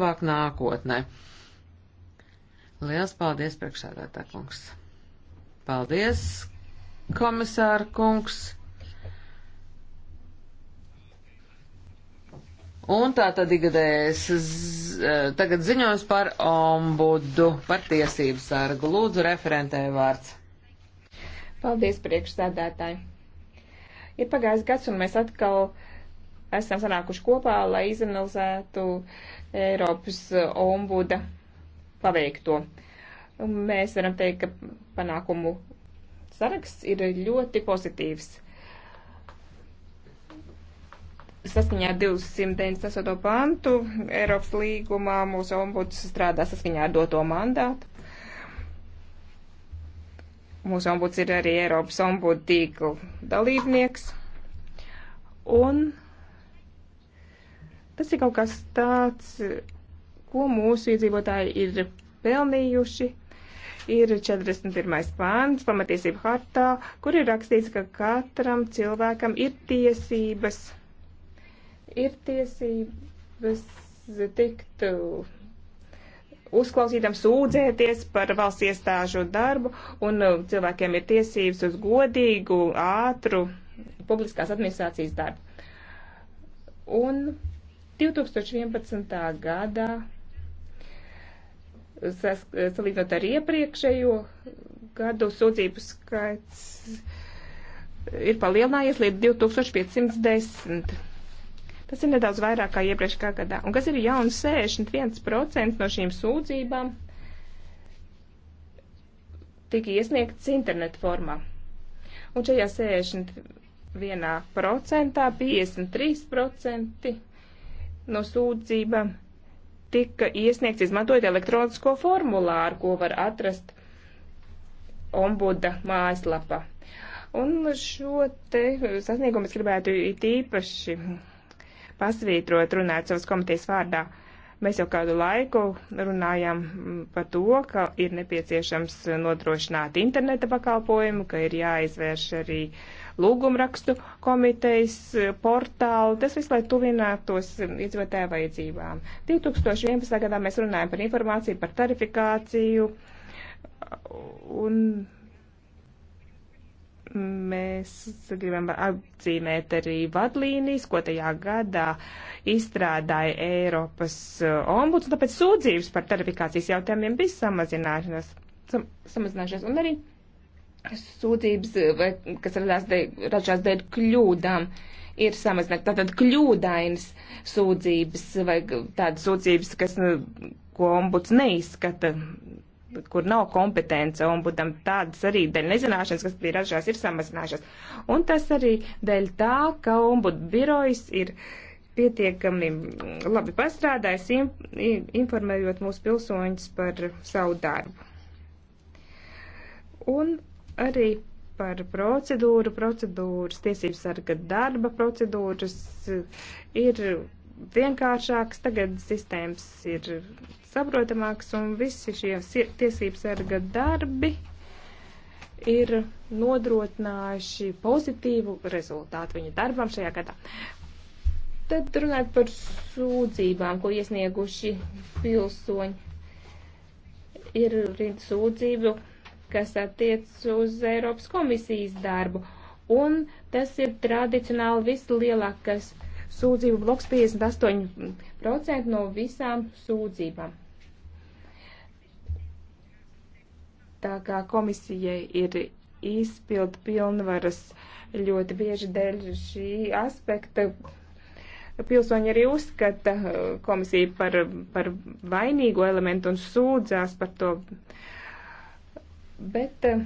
tuvāk nākotnē. Liels paldies, priekšsēdētā kungs. Paldies, komisāra kungs. Un tā tad igadējas eh, tagad ziņos par ombudu, par tiesību sargu. Lūdzu, referentē vārds. Paldies, priekšsēdētāji. Ir pagājis gads, un mēs atkal uh, esam sanākuši kopā, lai izanalizētu Eiropas ombuda paveikto. Mēs varam teikt, ka panākumu saraksts ir ļoti pozitīvs. Saskaņā ar 298. pantu Eiropas līgumā mūsu ombuds strādā saskaņā ar doto mandātu. Mūsu ombuds ir arī Eiropas ombudu tīkla dalībnieks. Un Tas ir kaut kas tāds, ko mūsu iedzīvotāji ir pelnījuši. Ir 41. pāns pamatiesību hartā, kur ir rakstīts, ka katram cilvēkam ir tiesības, ir tiesības tikt uzklausītam, sūdzēties par valsts iestāžu darbu, un uh, cilvēkiem ir tiesības uz godīgu, ātru publiskās administrācijas darbu. Un 2011. gadā, salīdzinot ar iepriekšējo gadu, sūdzību skaits ir palielinājies līdz 2510. Tas ir nedaudz vairāk kā iepriekšējā gadā. Un kas ir jauns 61% no šīm sūdzībām tika iesniegts internetu formā. Un šajā 61% 53% no sūdzībām tika iesniegts izmantojot elektronisko formulāru, ko var atrast ombuda mājaslapā. Un šo te sasniegumu es gribētu it īpaši pasvītrot, runāt savas komitejas vārdā. Mēs jau kādu laiku runājam par to, ka ir nepieciešams nodrošināt interneta pakalpojumu, ka ir jāizvērš arī uh, lūgumrakstu komitejas eh, portālu. Tas viss, lai tuvinātos eh, iedzīvotāju vajadzībām. 2011. gadā mēs runājam par informāciju, par tarifikāciju. Un mēs gribam apzīmēt arī vadlīnijas, ko tajā gadā izstrādāja Eiropas eh, ombuds, un tāpēc sūdzības par tarifikācijas jautājumiem bija samazināšanās, sam, samazināšanās. Un arī sūdzības, eh, vai, kas radās dēļ, ražās dēļ kļūdām, ir samazināts. Tātad kļūdainas sūdzības vai tādas sūdzības, kas, nu, ko ombuds neizskata, kur nav kompetence ombudam, tādas arī dēļ nezināšanas, kas bija ražās, ir samazinājušās. Un tas arī dēļ tā, ka ombudu birojas ir pietiekami labi pastrādājis, informējot mūsu pilsoņus par savu darbu. Un arī par procedūru, procedūras, tiesības sarga darba procedūras ir vienkāršāks, tagad sistēmas ir saprotamāks un visi šie tiesības sarga darbi ir nodrošinājuši pozitīvu rezultātu viņa darbam šajā gadā. Tad runāt par sūdzībām, ko iesnieguši pilsoņi. Ir rinda sūdzību kas attiec uz Eiropas komisijas darbu. Un tas ir tradicionāli vislielākais sūdzību bloks 58% no visām sūdzībām. Tā kā komisijai ir izpildu pilnvaras ļoti bieži dēļ šī aspekta. Pilsoņi arī uzskata uh, komisiju par, par vainīgo elementu un sūdzās par to. Uh, Eh,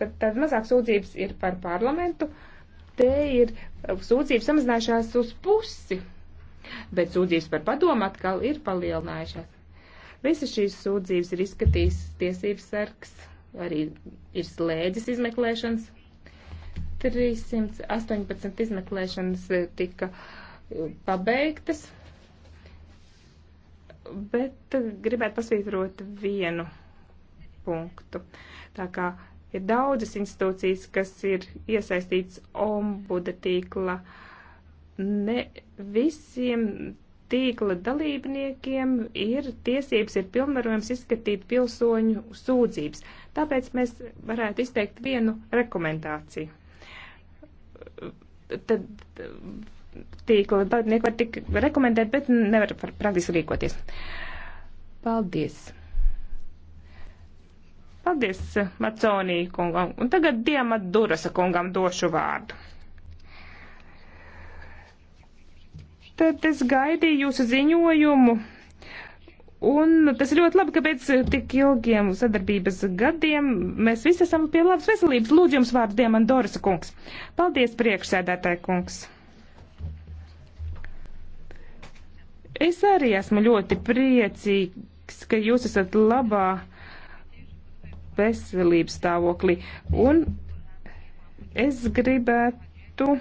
bet tad mazāk sūdzības ir par parlamentu. Te ir eh, sūdzības samazinājušās uz pusi, bet sūdzības par padomu atkal ir palielinājušās. Visas šīs sūdzības ir izskatījis tiesības sargs, arī ir slēdzis izmeklēšanas. 318 izmeklēšanas eh, tika pabeigtas, bet gribētu pasvītrot vienu punktu. Tā kā ir daudzas institūcijas, kas ir iesaistīts ombuda tīkla. Ne visiem tīkla dalībniekiem ir tiesības, ir pilnvarojums izskatīt pilsoņu sūdzības. Tāpēc mēs varētu izteikt vienu rekomendāciju. Tad tīkla dalībnieki var tik rekomendēt, bet nevar praktiski rīkoties. Paldies! Paldies eh, Maconī kungam. Un tagad Diemat Durasa kungam došu vārdu. Tad es gaidīju jūsu ziņojumu. Un tas ir ļoti labi, ka pēc tik ilgiem sadarbības gadiem mēs visi esam pie labas veselības. Lūdzu, jums vārds Dieman Dorisa kungs. Paldies, priekšsēdētāji kungs. Es arī esmu ļoti priecīgs, ka jūs esat labā veselības stāvokli. Un es gribētu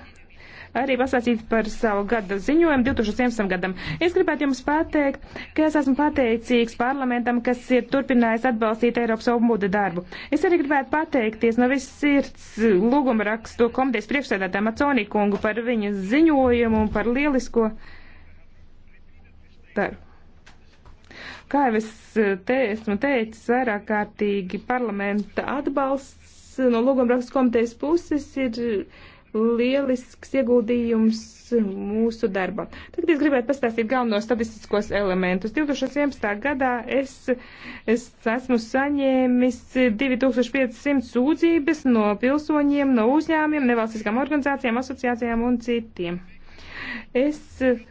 arī pasācīt par savu gada ziņojumu 2017. gadam. Es gribētu jums pateikt, ka es esmu pateicīgs parlamentam, kas ir turpinājis atbalstīt Eiropas ombuda darbu. Es arī gribētu pateikties no viss sirds lūguma rakstu komitejas priekšsēdētājiem Aconī kungu par viņa ziņojumu un par lielisko darbu. Kā jau es eh, te, esmu teicis, vairāk kārtīgi parlamenta atbalsts no lūgumrakstu komitejas puses ir lielisks ieguldījums mūsu darbam. Tagad es gribētu pastāstīt galvenos statistiskos elementus. 2011. gadā es, es esmu saņēmis 2500 sūdzības no pilsoņiem, no uzņēmiem, nevalstiskām organizācijām, asociācijām un citiem. Es eh,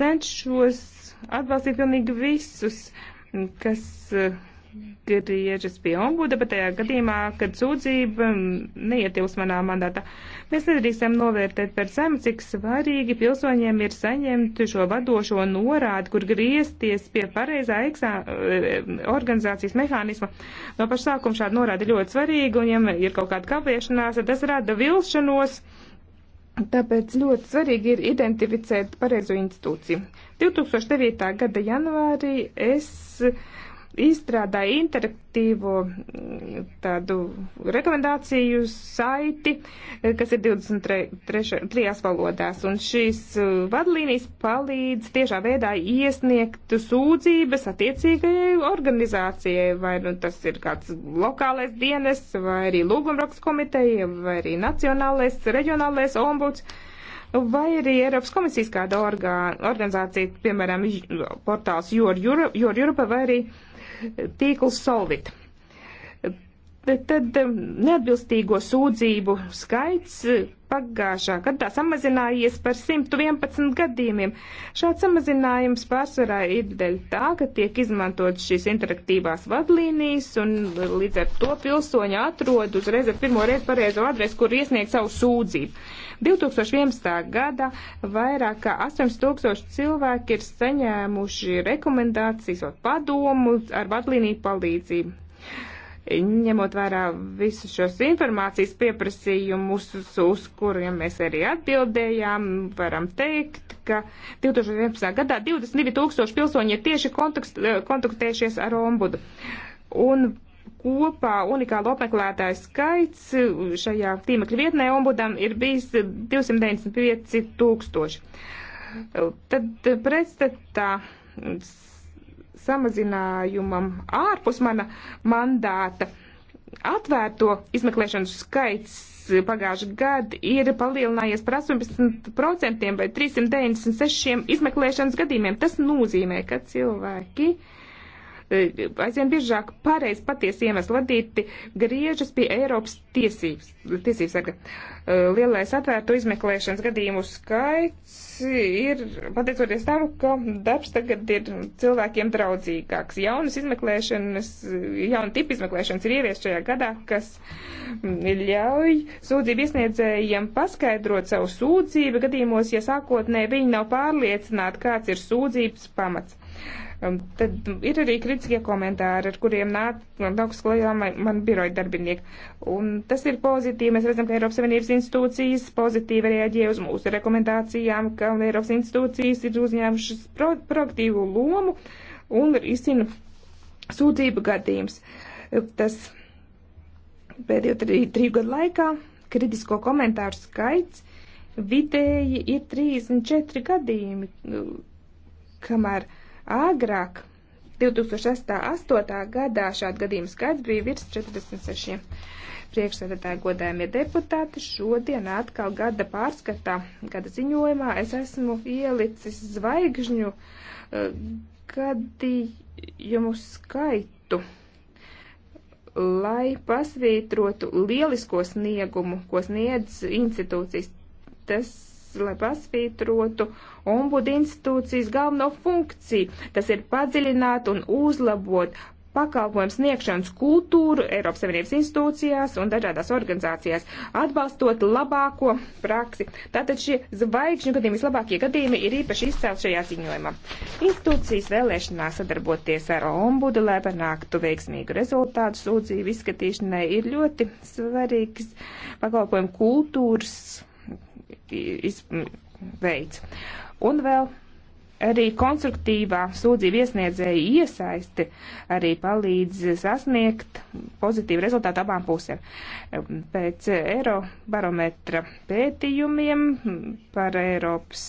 cenšos atbalstīt pilnīgi visus, kas eh, griežas pie ombuda, bet tajā gadījumā, kad sūdzība mm, neietilps manā mandātā. Mēs nedrīkstam novērtēt par zem, cik svarīgi pilsoņiem ir saņemt šo vadošo norādi, kur griezties pie pareizā eksā, eh, organizācijas mehānisma. No paša sākuma šāda norāda ir ļoti svarīga, un ja ir kaut kāda kavēšanās, tad tas rada vilšanos. Uh, Tāpēc ļoti svarīgi ir identificēt pareizo institūciju. 2009. gada janvārī es uh, izstrādāja interaktīvo mm, tādu rekomendāciju saiti, eh, kas ir 23. valodās. Un šīs eh, vadlīnijas palīdz tiešā veidā iesniegt sūdzības attiecīgajai organizācijai, vai nu, tas ir kāds lokālais dienas, vai arī lūgumraksts komiteja, vai arī nacionālais, reģionālais ombuds vai arī Eiropas komisijas kāda orgā, organizācija, piemēram, portāls Your Europe, Your Europe vai arī uh, tīkls Solvit tad neatbilstīgo sūdzību skaits eh, pagājušā gadā samazinājies par 111 gadījumiem. Šāds samazinājums pārsvarā ir dēļ tā, ka tiek izmantot šīs interaktīvās vadlīnijas un eh, līdz ar to pilsoņi atrod uzreiz ar pirmo reizi pareizo adresi, kur iesniegt savu sūdzību. 2011. gada vairāk kā 8000 cilvēki ir saņēmuši rekomendācijas vai padomu ar vadlīniju palīdzību ņemot vērā visus šos informācijas pieprasījumus, uz, uz kuriem mēs arī atbildējām, varam teikt, ka 2011. gadā 22 tūkstoši pilsoņi ir tieši kontakt, eh, kontaktējušies ar ombudu. Un kopā unikāla apmeklētāja skaits šajā tīmekļa vietnē ombudam ir bijis 295 tūkstoši. Tad pretstatā samazinājumam ārpus mana mandāta. Atvērto izmeklēšanu skaits pagājušā gada ir palielinājies par 18% vai 396 izmeklēšanas gadījumiem. Tas nozīmē, ka cilvēki uh, Eh, aizvien biežāk pareiz patiesi iemesli vadīti griežas pie Eiropas tiesības, tiesības sarga. Eh, lielais atvērto izmeklēšanas gadījumu skaits ir pateicoties tam, ka darbs tagad ir cilvēkiem draudzīgāks. Jaunas izmeklēšanas, jauna tipa izmeklēšanas ir ieviest šajā gadā, kas ļauj sūdzību iesniedzējiem paskaidrot savu sūdzību gadījumos, ja sākotnē viņi nav pārliecināti, kāds ir sūdzības pamats. Um, tad ir arī kritiskie komentāri, ar kuriem nāk, nāks klajā man, man biroja darbinieki. Un tas ir pozitīvi. Mēs redzam, ka Eiropas Savienības institūcijas pozitīvi reaģē uz mūsu rekomendācijām, ka Eiropas institūcijas ir uzņēmušas pro, proaktīvu lomu un izcina sūdzību gadījums. Tas pēdējo triju, triju gadu laikā kritisko komentāru skaits vidēji ir 34 gadījumi, kamēr Agrāk 2008. gadā šāda gadījuma skaits bija virs 46. Priekšsēdētāji godējumie deputāti šodien atkal gada pārskatā, gada ziņojumā es esmu ielicis zvaigžņu eh, gadījumu skaitu, lai pasvītrotu lielisko sniegumu, ko sniedz institūcijas. Tas lai pasvītrotu ombudu institūcijas galveno funkciju. Tas ir padziļināt un uzlabot pakalpojumu sniegšanas kultūru Eiropas Savienības institūcijās un dažādās organizācijās, atbalstot labāko praksi. Tātad šie zvaigžņu gadījumi, vislabākie gadījumi ir īpaši izcēlti šajā ziņojumā. Institūcijas vēlēšanās sadarboties ar ombudu, lai panāktu veiksmīgu rezultātu sūdzību izskatīšanai, ir ļoti svarīgs pakalpojumu kultūras veids. Un vēl arī konstruktīvā sūdzību iesniedzēja iesaisti arī palīdz sasniegt pozitīvu rezultātu abām pusēm. Pēc Eirobarometra pētījumiem par Eiropas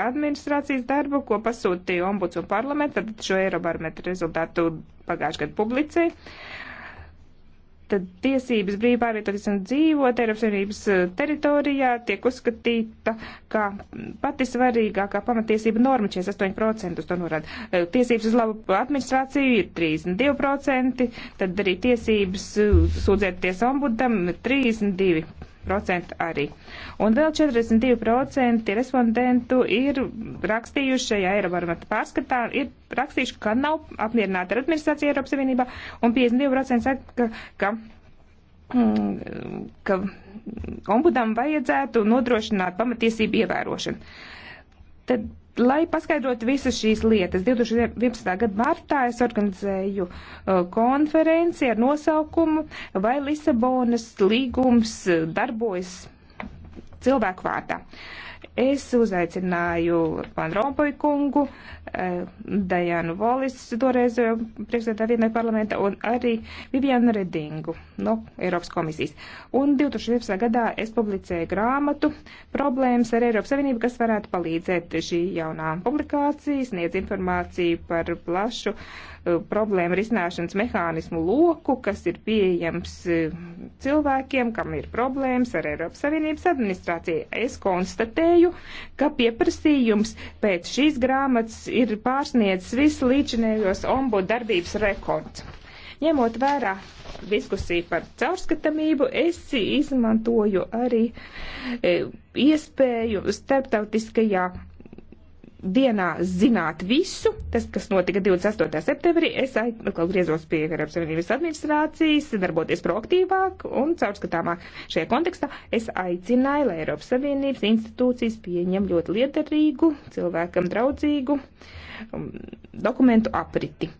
administrācijas darbu, ko pasūtīja ombuds un parlaments, tad šo Eirobarometra rezultātu pagājušajā gadā publicēja tad tiesības brīvi pārvietoties un dzīvot Eiropas Savienības eh, teritorijā tiek uzskatīta kā pati svarīgākā pamatiesība norma 48%, to norāda. Eh, tiesības uz labu administrāciju ir 32%, tad arī tiesības sūdzēties ombudam 32%. 40% arī. Un vēl 42% respondentu ir rakstījuši šajā Eirobarometra pārskatā, ir rakstījuši, ka nav apmierināta ar administrāciju Eiropas Savienībā, un 52% saka, ka, ka, mm, ka ombudam vajadzētu nodrošināt pamatiesību ievērošanu. Tad Lai paskaidrotu visas šīs lietas, 2011. gada martā es organizēju uh, konferenci ar nosaukumu Vai Lisabonas līgums darbojas cilvēku vārdā. Uh, Es uzaicināju Van Rompuy kungu, eh, Dajanu Volis, toreiz eh, priekšsēdā vienai parlamenta, un arī Vivianu Redingu no Eiropas komisijas. Un 2011. gadā es publicēju grāmatu Problēmas ar Eiropas Savienību, kas varētu palīdzēt šī jaunā publikācija, sniedz informāciju par plašu uh, Eh, problēma risināšanas mehānismu loku, kas ir pieejams eh, cilvēkiem, kam ir problēmas ar Eiropas Savienības administrāciju. Es konstatēju, ka pieprasījums pēc šīs grāmatas ir pārsniedzis visu līdzinējos ombudu darbības rekords. Ņemot vērā diskusiju par caurskatamību, es izmantoju arī eh, iespēju starptautiskajā dienā zināt visu, tas, kas notika 28. septembrī, es atkal griezos pie Eiropas Savienības administrācijas, darboties proaktīvāk un caurskatāmāk. Šajā kontekstā es aicināju, lai Eiropas Savienības institūcijas pieņem ļoti liederīgu, cilvēkam draudzīgu um, dokumentu apriti.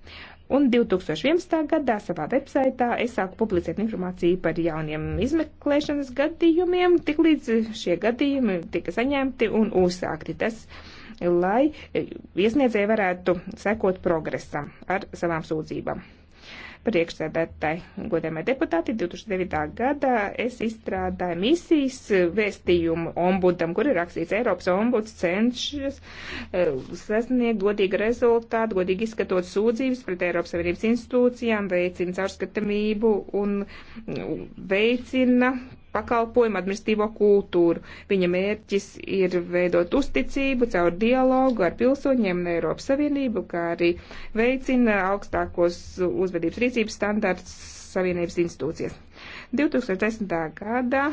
Un 2011. gadā savā websaitā es sāku publicēt informāciju par jauniem izmeklēšanas gadījumiem, tik līdz šie gadījumi tika saņemti un uzsākti. Tas uh, lai eh, iesniedzēji varētu sekot progresam ar savām sūdzībām. Priekšsēdētāji, godējumie deputāti, 2009. gadā es izstrādāju misijas vēstījumu ombudam, kur ir rakstīts Eiropas ombuds cenšas eh, sasniegt godīgu rezultātu, godīgi izskatot sūdzības pret Eiropas Savienības institūcijām, veicina caurskatamību un mm, veicina pakalpojumu, administratīvo kultūru. Viņa mērķis ir veidot uzticību caur dialogu ar pilsoņiem un Eiropas Savienību, kā arī veicina augstākos uzvedības rīcības standarts Savienības institūcijas. 2010. gadā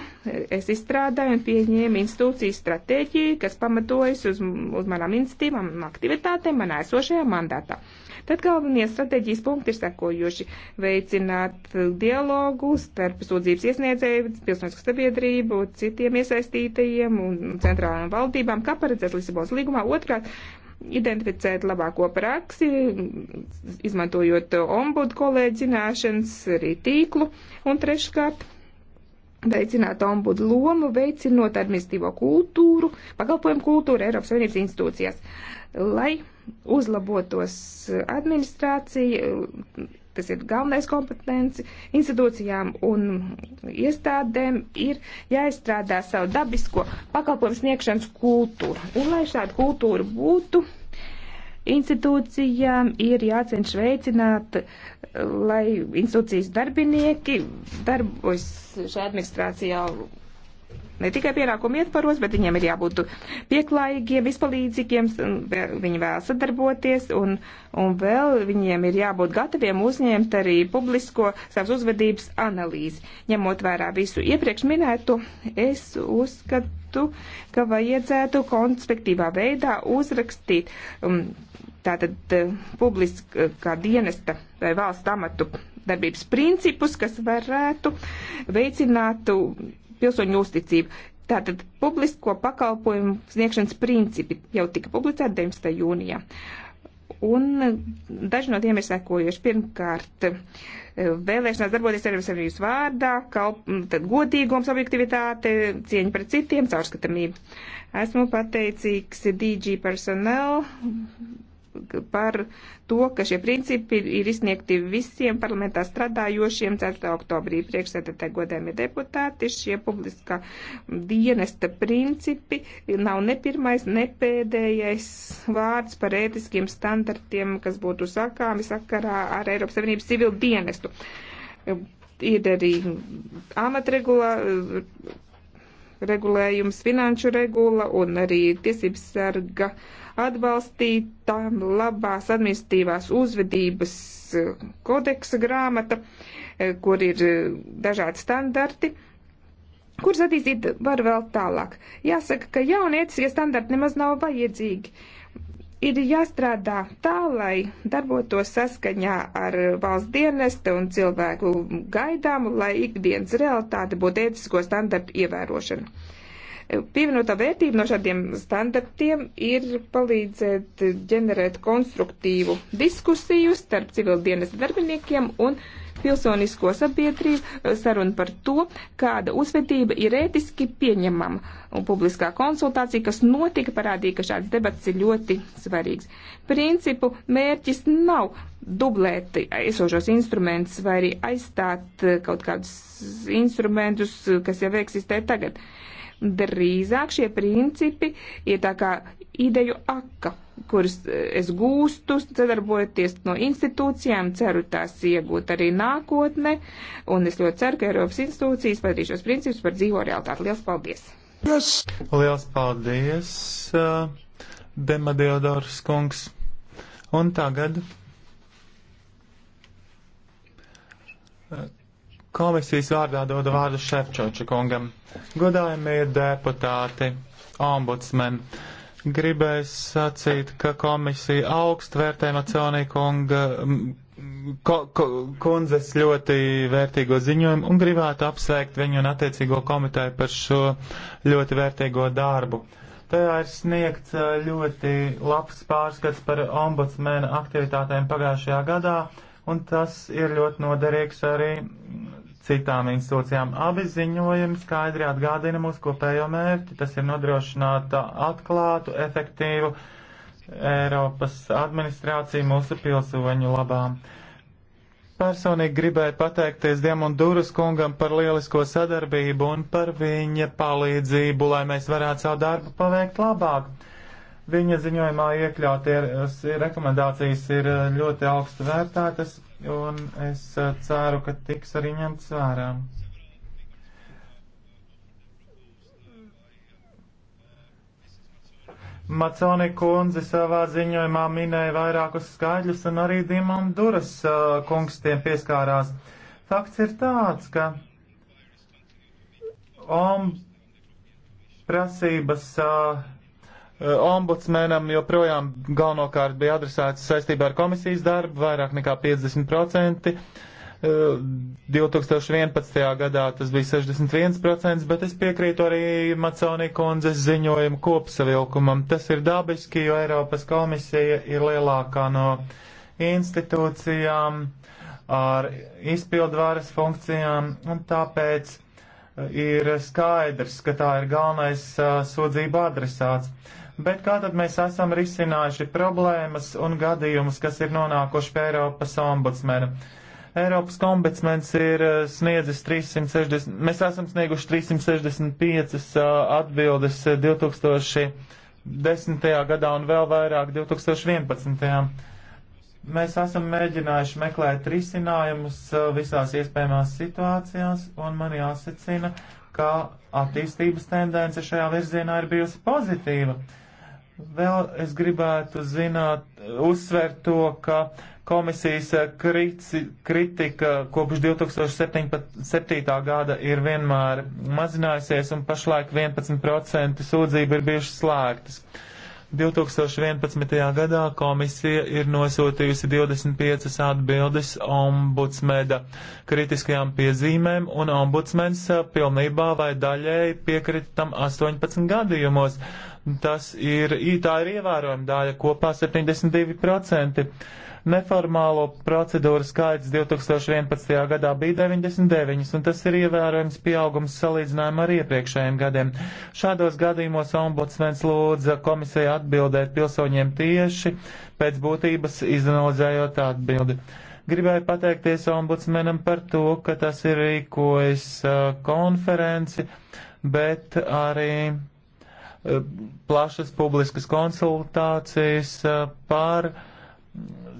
es izstrādāju un pieņēmu institūciju stratēģiju, kas pamatojas uz, uz manām institīvām un aktivitātēm manā esošajā mandātā. Uh, Tad galvenie strateģijas punkti ir sekojoši - veicināt dialogu starp sūdzības iesniedzēju, pilsonisko sabiedrību, citiem iesaistītajiem un centrālajām valdībām, kā paredzēts Lisabonas līgumā. Otrkārt, identificēt labāko praksi, izmantojot ombudu kolēģi zināšanas, arī tīklu, un treškārt veicināt ombudu lomu, veicinot administīvo kultūru, pakalpojumu kultūru Eiropas Savienības institūcijās lai uzlabotos administrācija, tas ir galvenais kompetenci, institūcijām un iestādēm ir jāizstrādā savu dabisko pakalpojumu sniegšanas kultūru. Un lai šāda kultūra būtu, institūcijām ir jācenš veicināt, lai institūcijas darbinieki darbojas šajā administrācijā ne tikai pienākumu ietvaros, bet viņiem ir jābūt pieklājīgiem, izpalīdzīgiem, viņi vēl sadarboties, un, un vēl viņiem ir jābūt gataviem uzņemt arī publisko savas uzvedības analīzi. Ņemot vērā visu iepriekš minētu, es uzskatu, ka vajadzētu konspektīvā veidā uzrakstīt um, tātad eh, publiskā dienesta vai valsts amatu darbības principus, kas varētu veicināt pilsoņu uzticību. Tātad publisko pakalpojumu sniegšanas principi jau tika publicēti 19. jūnijā. Un daži no tiem ir sekojuši. Pirmkārt, vēlēšanās darboties Eiropas Savienības vārdā, kalp, tad godīgums, objektivitāte, cieņa pret citiem, caurskatamība. Esmu pateicīgs DG personāla par to, ka šie principi ir izsniegti visiem parlamentā strādājošiem 4. oktobrī. Priekšsēdētāji godējumie deputāti, šie publiskā dienesta principi nav ne pirmais, ne pēdējais vārds par ētiskiem standartiem, kas būtu sakāmi sakarā ar Eiropas Savienības civilu dienestu. Ir arī amatregulā regulējums, finanšu regula un arī tiesības sarga uh, atbalstīta labās administratīvās uzvedības eh, kodeksa grāmata, eh, kur ir eh, dažādi standarti, kurus attīstīt var vēl tālāk. Jāsaka, ka jaunietiskie standarti nemaz nav vajadzīgi. Ir jāstrādā tā, lai darbotos saskaņā ar valsts dienesta un cilvēku gaidām, lai ikdienas realitāte būtu ētisko standartu ievērošana. Pievienotā vērtība no šādiem standartiem ir palīdzēt ģenerēt konstruktīvu diskusiju starp civildienas darbiniekiem un pilsonisko sabiedrību sarunu par to, kāda uzvedība ir ētiski pieņemama. Un publiskā konsultācija, kas notika, parādīja, ka šāds debats ir ļoti svarīgs. Principu mērķis nav dublēt esošos instrumentus vai arī aizstāt kaut kādus instrumentus, kas jau eksistē tagad. Uh, Drīzāk šie principi ir tā kā ideju aka, kuras eh, es gūstu, sadarbojoties no institūcijām, ceru tās iegūt arī nākotne, un es ļoti ceru, ka Eiropas institūcijas padarīs šos principus par dzīvo realitāti. Lielas paldies! Yes. Lielas paldies, uh, eh, Demadiodors kungs! Un tagad. Uh, Komisijas vārdā dodu vārdu Šefčoča kungam. Godājumie deputāti, ombudsmen, gribēs sacīt, ka komisija augst vērtē Maconī kunga ko, ko, kundzes ļoti vērtīgo ziņojumu un gribētu apsveikt viņu un attiecīgo komiteju par šo ļoti vērtīgo darbu. Tajā ir sniegts ļoti labs pārskats par ombudsmena aktivitātēm pagājušajā gadā, un tas ir ļoti noderīgs arī citām institūcijām. Abi ziņojumi skaidri atgādina mūsu kopējo mērķi. Tas ir nodrošināt atklātu, efektīvu Eiropas administrāciju mūsu pilsoņu labām. Personīgi gribēju pateikties Dievam un Dūras kungam par lielisko sadarbību un par viņa palīdzību, lai mēs varētu savu darbu paveikt labāk. Viņa ziņojumā iekļautie rekomendācijas ir ļoti augstu vērtētas un es eh, ceru, ka tiks arī ņemts vērā. Maconi kundze savā ziņojumā minēja vairākus skaidrus, un arī Dimam Duras uh, kungs tiem pieskārās. Fakts ir tāds, ka om prasības uh, Eh, ombudsmenam joprojām galvenokārt bija adresēts saistībā ar komisijas darbu, vairāk nekā 50%. 2011. Eh, gadā tas bija 61%, bet es piekrītu arī Maconī kundzes ziņojumu kopsavilkumam. Tas ir dabiski, jo Eiropas komisija ir lielākā no institūcijām ar izpildvaras funkcijām, un tāpēc eh, ir skaidrs, ka tā ir galvenais uh, sodzība adresāts. Bet kā tad mēs esam risinājuši problēmas un gadījumus, kas ir nonākuši pie Eiropas ombudsmena? Eiropas ombudsmens ir eh, sniedzis 360, mēs esam snieguši 365 eh, atbildes 2010. Eh, gadā un vēl vairāk 2011. Mēs esam mēģinājuši meklēt risinājumus visās iespējamās situācijās, un man jāsacina, ka attīstības tendence šajā virzienā ir bijusi pozitīva. Uh, Vēl es gribētu zināt, uzsvērt to, ka komisijas kriti, kritika kopš 2017. gada ir vienmēr mazinājusies un pašlaik 11% sūdzību ir bijušas slēgtas. 2011. gadā komisija ir nosūtījusi 25 atbildes ombudsmeda kritiskajām piezīmēm, un ombudsmens pilnībā vai daļēji piekrita tam 18 gadījumos. Tas ir, tā ir ievērojama daļa, kopā 72%. Neformālo procedūru skaits 2011. gadā bija 99, un tas ir ievērojams pieaugums salīdzinājumā ar iepriekšējiem gadiem. Šādos gadījumos ombudsmens lūdza komisiju atbildēt pilsoņiem tieši pēc būtības izanalizējot atbildi. Gribēju pateikties ombudsmenam par to, ka tas ir rīkojis konferenci, bet arī plašas publiskas konsultācijas eh, par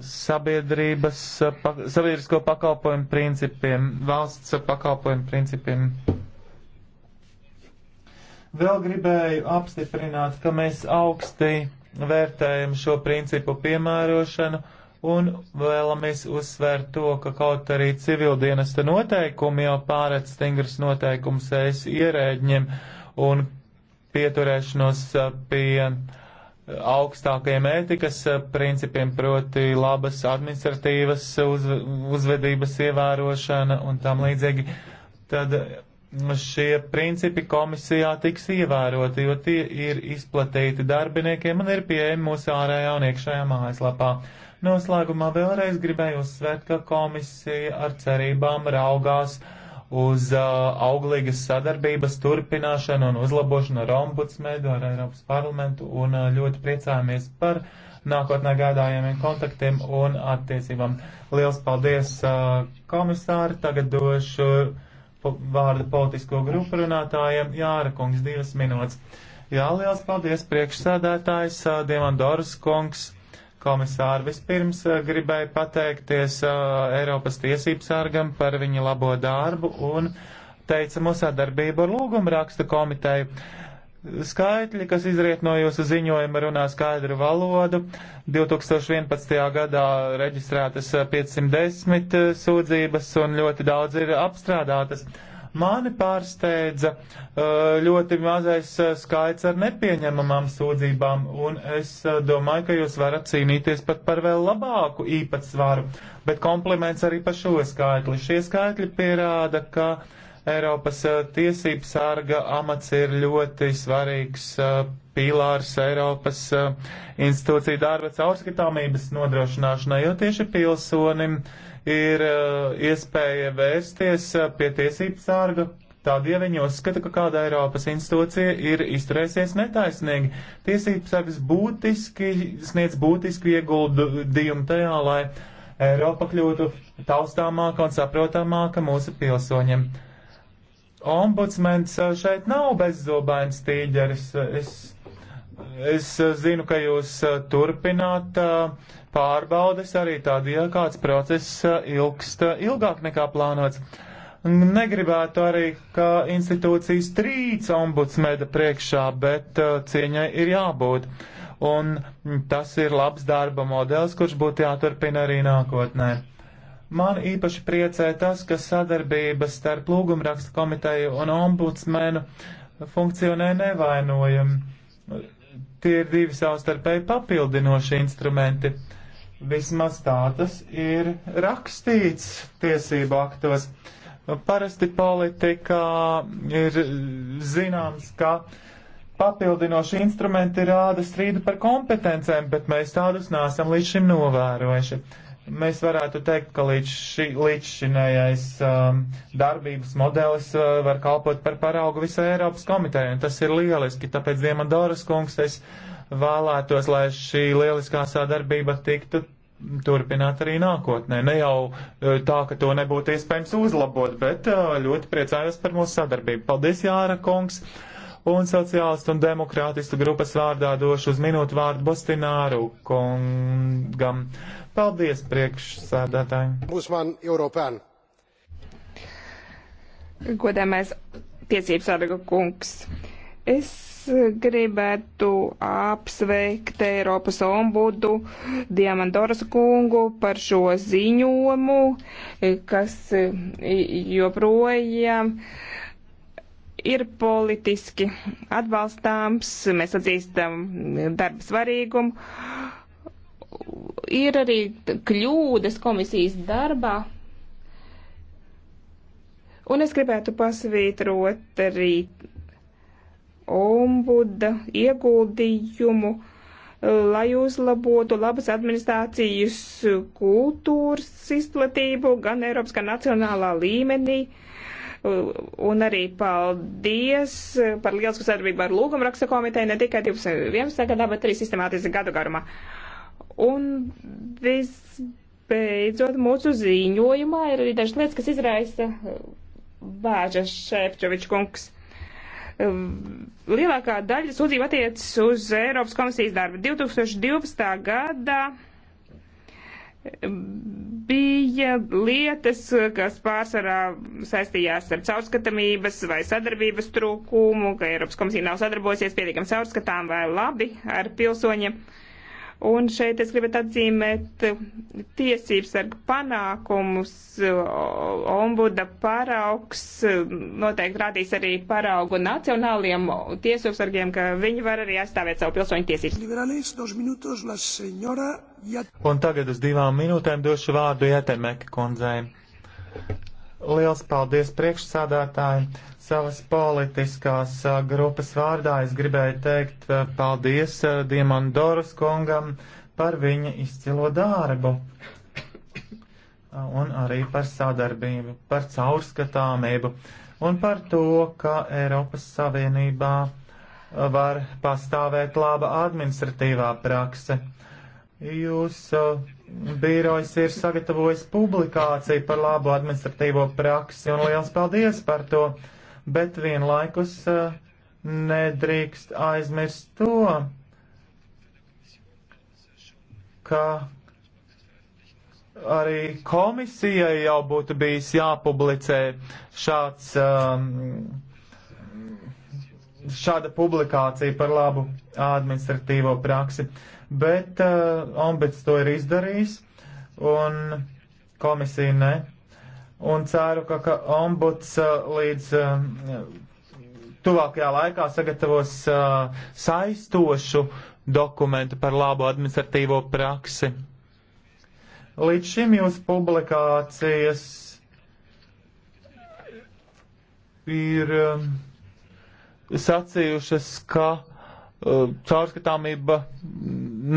sabiedrības, eh, pa, sabiedrisko pakalpojumu principiem, valsts pakalpojumu principiem. Vēl gribēju apstiprināt, ka mēs augstī vērtējam šo principu piemērošanu un vēlamies uzsvērt to, ka kaut arī civildienesta noteikumi jau pārēc stingras noteikums es ierēģiem un pieturēšanos eh, pie eh, augstākajiem ētikas eh, principiem, proti labas administratīvas uz, uzvedības ievērošana un tam līdzīgi, tad šie principi komisijā tiks ievēroti, jo tie ir izplatīti darbiniekiem un ir pieejami mūsu ārējā un iekšējā mājaslapā. Noslēgumā vēlreiz gribēju uzsvērt, ka komisija ar cerībām raugās uh, uz uh, auglīgas sadarbības turpināšanu un uzlabošanu ar ombudsmēdu, ar Eiropas parlamentu un uh, ļoti priecājamies par nākotnē gādājumiem kontaktiem un attiecībām. Liels paldies uh, komisāri, tagad došu po vārdu politisko grupu runātājiem. Jāra kungs, divas minūtes. Jā, liels paldies priekšsēdētājs uh, Diemandoras kungs Komisāri, vispirms eh, gribēju pateikties eh, Eiropas tiesību sargam par viņa labo darbu un teicamo sadarbību ar lūgumu raksta komiteju. Skaitļi, kas izriet no jūsu ziņojuma, runā skaidru valodu. 2011. gadā reģistrētas 510 eh, sūdzības un ļoti daudz ir apstrādātas. Mani pārsteidza uh, ļoti mazais uh, skaits ar nepieņemamām sūdzībām, un es uh, domāju, ka jūs varat cīnīties pat par vēl labāku īpatsvaru. Bet kompliments arī par šo skaitli. Šie skaitļi pierāda, ka Eiropas eh, tiesību sārga amats ir ļoti svarīgs eh, pīlārs Eiropas eh, institūciju darba caurskatāmības nodrošināšanai, jo tieši pilsonim ir iespēja vērsties pie tiesību sārga Tādēļ ja viņi uzskata, ka kāda Eiropas institūcija ir izturējusies netaisnīgi. Tiesības sargs būtiski sniedz būtisku ieguldījumu tajā, lai Eiropa kļūtu taustāmāka un saprotamāka mūsu pilsoņiem. Ombudsmens eh, šeit nav bezzobains tīģeris. Es, es eh, zinu, ka jūs eh, turpināt pārbaudes arī tad, ja kāds process ilgst ilgāk nekā plānots. Negribētu arī, ka institūcijas trīc ombudsmeda priekšā, bet cieņai ir jābūt un tas ir labs darba modelis, kurš būtu jāturpina arī nākotnē. Man īpaši priecē tas, ka sadarbība starp lūgumrakstu komiteju un ombudsmenu funkcionē nevainojami. Tie ir divi savstarpēji papildinoši instrumenti. Vismaz tā tas ir rakstīts tiesību aktos. Parasti politikā ir zināms, ka papildinoši instrumenti rāda strīdu par kompetencēm, bet mēs tādus nesam līdz šim novērojuši mēs varētu teikt, ka līdz, ši, līdz šinējais um, darbības modelis uh, var kalpot par paraugu visai Eiropas komitejai, un tas ir lieliski, tāpēc Diemandoras kungs es vēlētos, lai šī lieliskā sadarbība tiktu turpināt arī nākotnē. Ne jau uh, tā, ka to nebūtu iespējams uzlabot, bet uh, ļoti priecājos par mūsu sadarbību. Paldies, Jāra kungs! Uh, Un sociālistu un demokrātistu grupas vārdā došu uz minūtu vārdu Bostināru kungam. Paldies priekšsēdētājiem. Busman Eiropēn. Godāmais tiesības sarga kungs. Es gribētu apsveikt Eiropas ombudu Diamandoras kungu par šo ziņojumu, kas joprojām uh, ir politiski atbalstāms, mēs atzīstam darba svarīgumu. Ir arī kļūdas komisijas darbā. Un es gribētu pasvītrot arī ombuda ieguldījumu, lai uzlabotu labas administrācijas kultūras izplatību gan Eiropas, gan nacionālā līmenī. Uh, Eh, un arī paldies eh, par lielisku sadarbību ar Lūgumu raksta komiteju ne tikai 2011. gadā, bet arī sistemātiski gadu garumā. Un visbeidzot, mūsu ziņojumā ir arī dažas lietas, kas izraisa eh, bāžas Šefčovičs kungs lielākā daļa sūdzību attiecas uz Eiropas komisijas darbu. 2012. gadā bija lietas, kas pārsvarā saistījās ar caurskatāmības vai sadarbības trūkumu, ka Eiropas komisija nav sadarbosies pietiekami caurskatām vai labi ar pilsoņiem. Uh, Un šeit es gribētu atzīmēt tiesības ar panākumus. Ombuda paraugs noteikti rādīs arī paraugu nacionāliem tiesībsargiem, ka viņi var arī aizstāvēt savu pilsoņu tiesības. Un tagad uz divām minūtēm došu vārdu Jātermeka kundzei. Liels paldies priekšsādātājiem! savas politiskās grupas vārdā es gribēju teikt paldies Diemandoras kungam par viņa izcilo darbu un arī par sadarbību, par caurskatāmību un par to, ka Eiropas Savienībā var pastāvēt laba administratīvā prakse. Jūsu birojs ir sagatavojis publikāciju par labu administratīvo praksi un liels paldies par to! bet vienlaikus eh, nedrīkst aizmirst to, ka arī komisijai jau būtu bijis jāpublicē šāds, ehm, šāda publikācija par labu administratīvo praksi, bet eh, ombuds to ir izdarījis un komisija ne un ceru, ka, ka ombuds uh, līdz um, tuvākajā laikā sagatavos uh, saistošu dokumentu par labu administratīvo praksi. Līdz šim jūsu publikācijas ir um, sacījušas, ka uh, caurskatāmība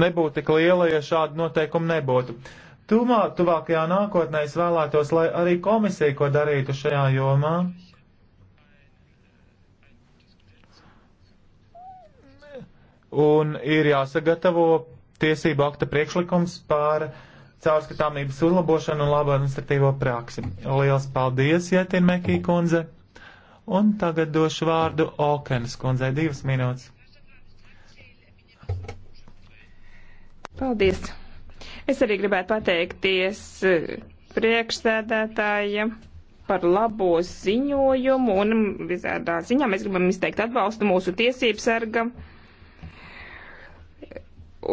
nebūtu tik liela, ja šādi noteikumi nebūtu. Uh, Tumā, tuvākajā nākotnē es vēlētos, lai arī komisija ko darītu šajā jomā. Un ir jāsagatavo tiesību akta priekšlikums par caurskatāmības uzlabošanu un labu administratīvo praksi. Lielas paldies, Jetin Mekī kundze! Un tagad došu vārdu Okenas kundzei divas minūtes. Paldies! Es arī gribētu pateikties eh, priekšsēdētājiem par labo ziņojumu un visādā ziņā mēs gribam izteikt atbalstu mūsu tiesību sargam.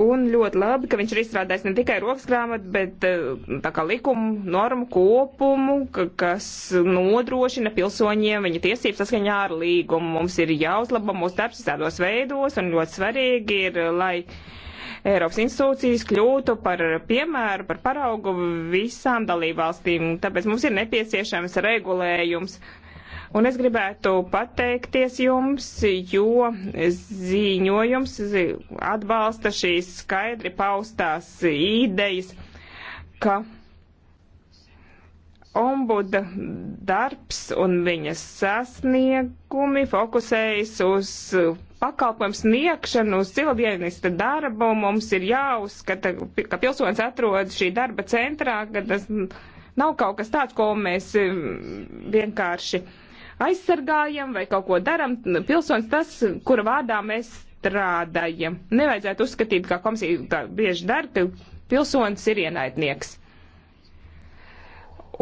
Un ļoti labi, ka viņš ir izstrādājis ne tikai rokas grāmatu, bet eh, tā kā likumu, normu kopumu, kas nodrošina pilsoņiem viņa tiesības saskaņā ar līgumu. Mums ir jāuzlabo mūsu darbs visādos veidos, un ļoti svarīgi ir, lai uh, Eiropas institūcijas kļūtu par piemēru, par paraugu visām dalībvalstīm. Tāpēc mums ir nepieciešams regulējums. Un es gribētu pateikties jums, jo ziņojums atbalsta šīs skaidri paustās idejas, ka ombuda darbs un viņa sasniegumi fokusējas uz pakalpojumu sniegšanu uz cilvēdienista darbu mums ir jāuzskata, ka pilsonis atrodas šī darba centrā, ka tas nav kaut kas tāds, ko mēs um, vienkārši aizsargājam vai kaut ko daram. Pilsonis tas, kura vārdā mēs strādājam. Nevajadzētu uzskatīt, kā komisija tā bieži dara, ka pilsonis ir ienaidnieks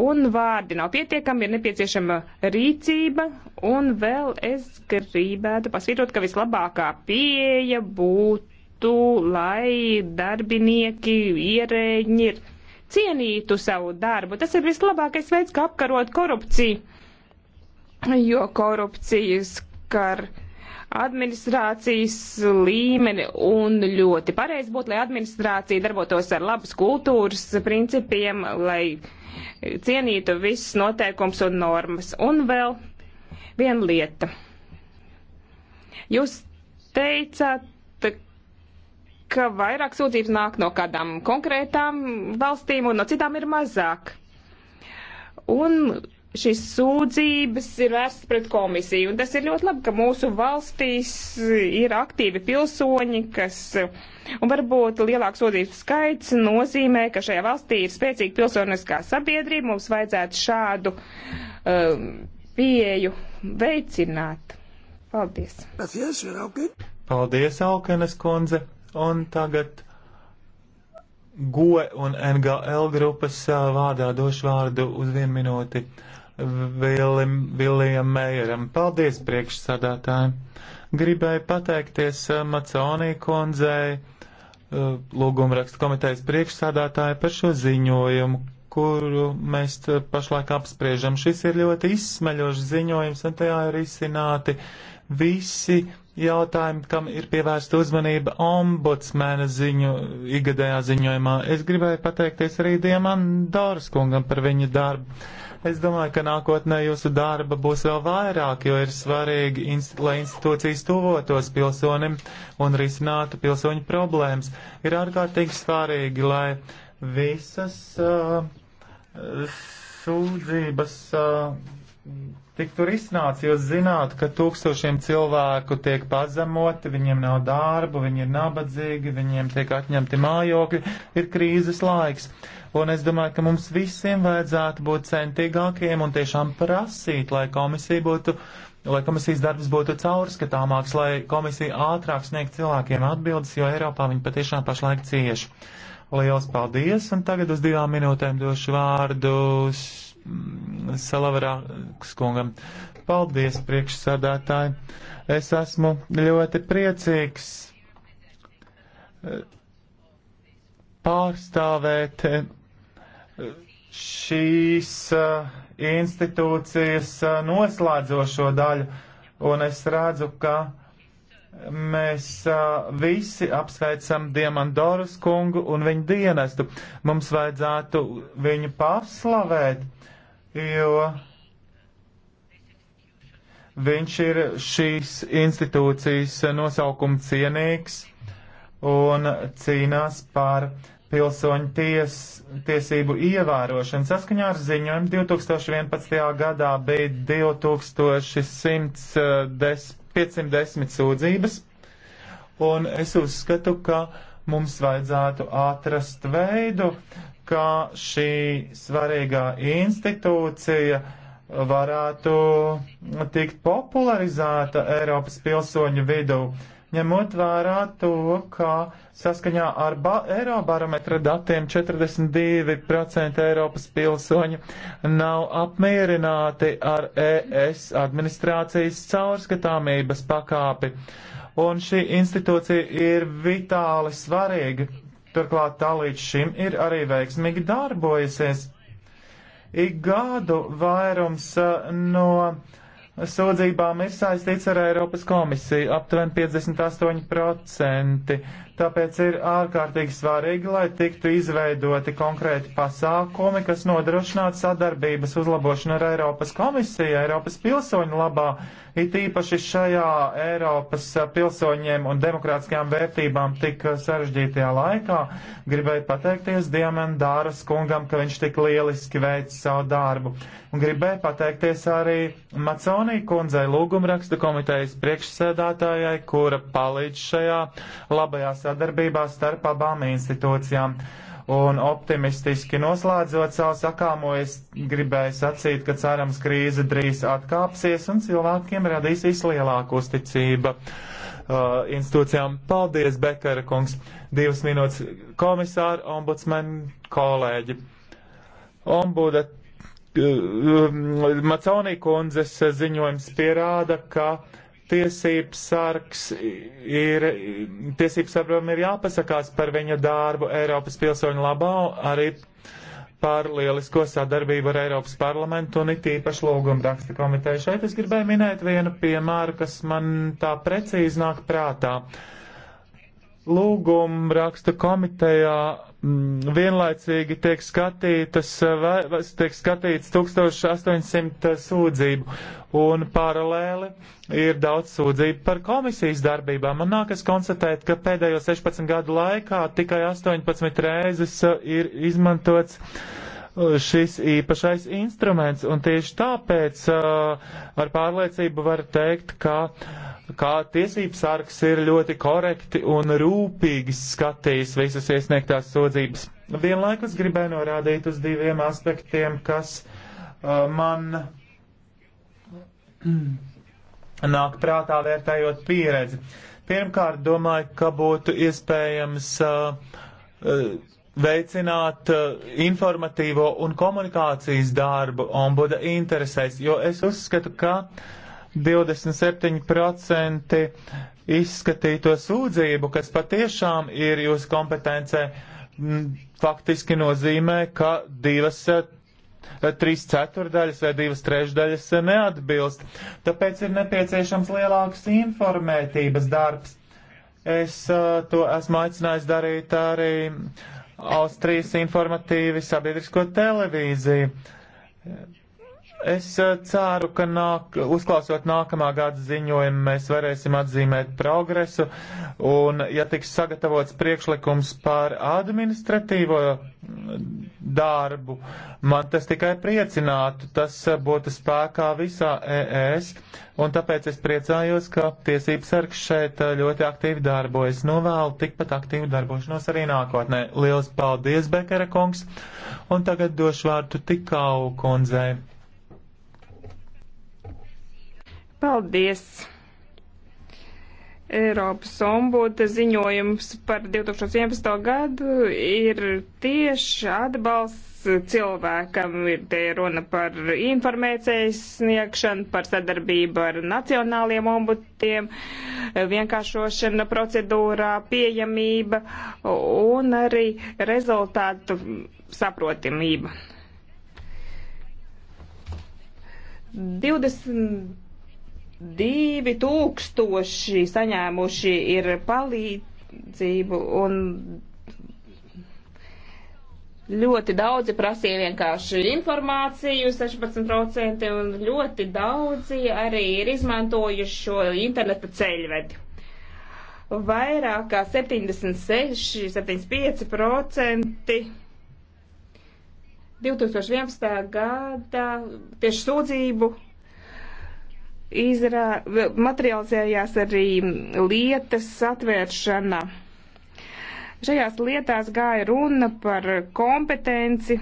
un vārdi nav pietiekami, ir nepieciešama rīcība, un vēl es gribētu pasvītrot, ka vislabākā pieeja būtu, lai darbinieki, ierēģi cienītu savu darbu. Tas ir vislabākais veids, kā apkarot korupciju, jo korupcijas kar administrācijas līmeni un ļoti pareizi būtu, lai administrācija darbotos ar labas kultūras principiem, lai cienītu visas noteikums un normas. Un vēl viena lieta. Jūs teicāt, ka vairāk sūdzības nāk no kādām konkrētām valstīm un no citām ir mazāk. Un šīs sūdzības ir vērstas pret komisiju. Un tas ir ļoti labi, ka mūsu valstīs ir aktīvi pilsoņi, kas, un varbūt lielāks sūdzību skaits nozīmē, ka šajā valstī ir spēcīga pilsoniskā sabiedrība, mums vajadzētu šādu um, pieeju veicināt. Paldies. Paldies, Alkenes kundze. Un tagad GOE un NGL grupas uh, vārdā došu vārdu uz vienu minūti. Uh, Vilim, Vilijam Meijeram. Paldies, priekšsādātāji! Gribēju pateikties uh, Maconī kundzei, uh, lūgumrakstu komitejas priekšsādātāji par šo ziņojumu, kuru mēs uh, pašlaik apspriežam. Šis ir ļoti izsmeļošs ziņojums, un tajā ir izsināti visi jautājumi, kam ir pievērsta uzmanība ombudsmēna ziņu igadējā ziņojumā. Es gribēju pateikties arī Diemandoras kungam par viņa darbu. Es domāju, ka nākotnē jūsu darba būs vēl vairāk, jo ir svarīgi, inst lai institūcijas tuvotos pilsonim un risinātu pilsoņu problēmas. Ir ārkārtīgi svarīgi, lai visas uh, sūdzības. Uh, tiktu risināts. Jūs zināt, ka tūkstošiem cilvēku tiek pazemoti, viņiem nav darbu, viņi ir nabadzīgi, viņiem tiek atņemti mājokļi, ir krīzes laiks. Un es domāju, ka mums visiem vajadzētu būt centīgākiem un tiešām prasīt, lai komisija būtu, lai komisijas darbs būtu caurskatāmāks, lai komisija ātrāk sniegt cilvēkiem atbildes, jo Eiropā viņi patiešām pašlaik cieši. Liels paldies, un tagad uz divām minūtēm došu vārdus Salavarāks kungam. Paldies, priekšsādātāji. Es esmu ļoti priecīgs eh, pārstāvēt eh, šīs eh, institūcijas noslēdzošo daļu, un es redzu, ka mēs visi apsveicam Diemandorus kungu un viņa dienestu. Mums vajadzētu viņu paslavēt jo viņš ir šīs institūcijas nosaukuma cienīgs un cīnās par pilsoņu ties, tiesību ievērošanu. Saskaņā ar ziņojumu 2011. gadā bija 2510 eh, sūdzības, un es uzskatu, ka mums vajadzētu atrast veidu, ka šī svarīgā institūcija varētu tikt popularizēta Eiropas pilsoņu vidū, ņemot vērā to, ka saskaņā ar ba Eirobarometra datiem 42% Eiropas pilsoņu nav apmierināti ar ES administrācijas caurskatāmības pakāpi. Un šī institūcija ir vitāli svarīga Turklāt tā līdz šim ir arī veiksmīgi darbojusies. Ik gadu vairums uh, no sūdzībām ir saistīts ar Eiropas komisiju - aptuveni 58%. Tāpēc ir ārkārtīgi svarīgi, lai tiktu izveidoti konkrēti pasākumi, kas nodrošinātu sadarbības uzlabošanu ar Eiropas komisiju, Eiropas pilsoņu labā, it īpaši šajā Eiropas pilsoņiem un demokrātiskajām vērtībām tik sarežģītajā laikā. Gribēju pateikties Diemam Dāras kungam, ka viņš tik lieliski veic savu darbu. Un gribēju pateikties arī Maconī kundzei lūgumrakstu komitejas priekšsēdātājai, kura palīdz šajā labajās sadarbībā starp abām institūcijām. Un optimistiski noslēdzot savu sakāmo, es gribēju sacīt, ka cerams krīze drīz atkāpsies un cilvēkiem radīsies lielāka uzticība uh, institūcijām. Paldies, Bekara kungs! Divas minūtes komisāri, ombudsmeni, kolēģi. Ombuda uh, um, Macaunī kundzes ziņojums pierāda, ka uh, tiesības sargs ir, tiesības sargam ir jāpasakās par viņa darbu Eiropas pilsoņu labā, arī par lielisko sadarbību ar Eiropas parlamentu un it īpaši lūgumu raksta komiteju. Šeit es gribēju minēt vienu piemēru, kas man tā precīzi nāk prātā. Uh, lūguma raksta komitejā m, mm, vienlaicīgi tiek, skatītas, eh, vai, tiek skatīts 1800 sūdzību, un paralēli ir daudz sūdzību par komisijas darbībām. Man nākas konstatēt, ka pēdējo 16 gadu laikā tikai 18 reizes eh, ir izmantots uh, šis īpašais instruments, un tieši tāpēc uh, ar pārliecību var teikt, ka kā tiesības sargs ir ļoti korekti un rūpīgi skatījis visas iesniegtās sodzības. Vienlaikus gribēju norādīt uz diviem aspektiem, kas uh, man nāk prātā vērtējot pieredzi. Pirmkārt, domāju, ka būtu iespējams uh, uh, veicināt uh, informatīvo un komunikācijas darbu ombuda interesēs, jo es uzskatu, ka 27% izskatīto sūdzību, kas patiešām ir jūsu kompetencē, m, faktiski nozīmē, ka divas, eh, trīs ceturdaļas vai divas trešdaļas eh, neatbilst. Tāpēc ir nepieciešams lielāks informētības darbs. Es uh, to esmu aicinājis darīt arī uh, Austrijas informatīvi sabiedrisko televīziju. Es eh, ceru, ka nāk, uzklausot nākamā gada ziņojumu, mēs varēsim atzīmēt progresu, un ja tiks sagatavots priekšlikums par administratīvo mm, darbu, man tas tikai priecinātu, tas eh, būtu spēkā visā ES, e un tāpēc es priecājos, ka tiesības sargs šeit eh, ļoti aktīvi darbojas. Novēlu nu, tikpat aktīvu darbošanos arī nākotnē. Lielas paldies, Bekera kungs, un tagad došu vārdu tikau kundzei. Paldies! Eiropas ombuda ziņojums par 2011. gadu ir tieši atbalsts cilvēkam. Ir te runa par informēcijas sniegšanu, par sadarbību ar nacionāliem ombudiem, vienkāršošana procedūrā, pieejamība un arī rezultātu saprotamība. 20 2000 saņēmuši ir palīdzību un ļoti daudzi prasīja vienkārši informāciju, 16%, un ļoti daudzi arī ir izmantojuši šo interneta ceļvedi. Vairāk kā 76, 75% 2011. gada tieši sūdzību izrā, materializējās arī lietas atvēršana. Šajās lietās gāja runa par kompetenci.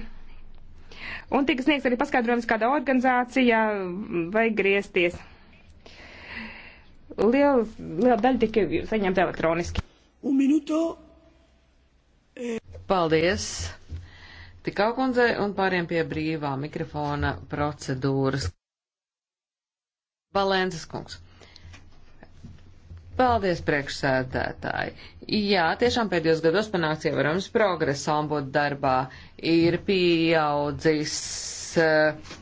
Un tika sniegts arī paskaidrojums, kādā organizācijā vai griezties. Liela, liela daļa tika saņemta elektroniski. Un minūto. E... Paldies. Tikā kundzei un pāriem pie brīvā mikrofona procedūras. Valēnsas kungs. Paldies, priekšsēdētāji. Jā, tiešām pēdējos gados panāks ievērojams progress ombudu darbā. Ir pieaudzis uh,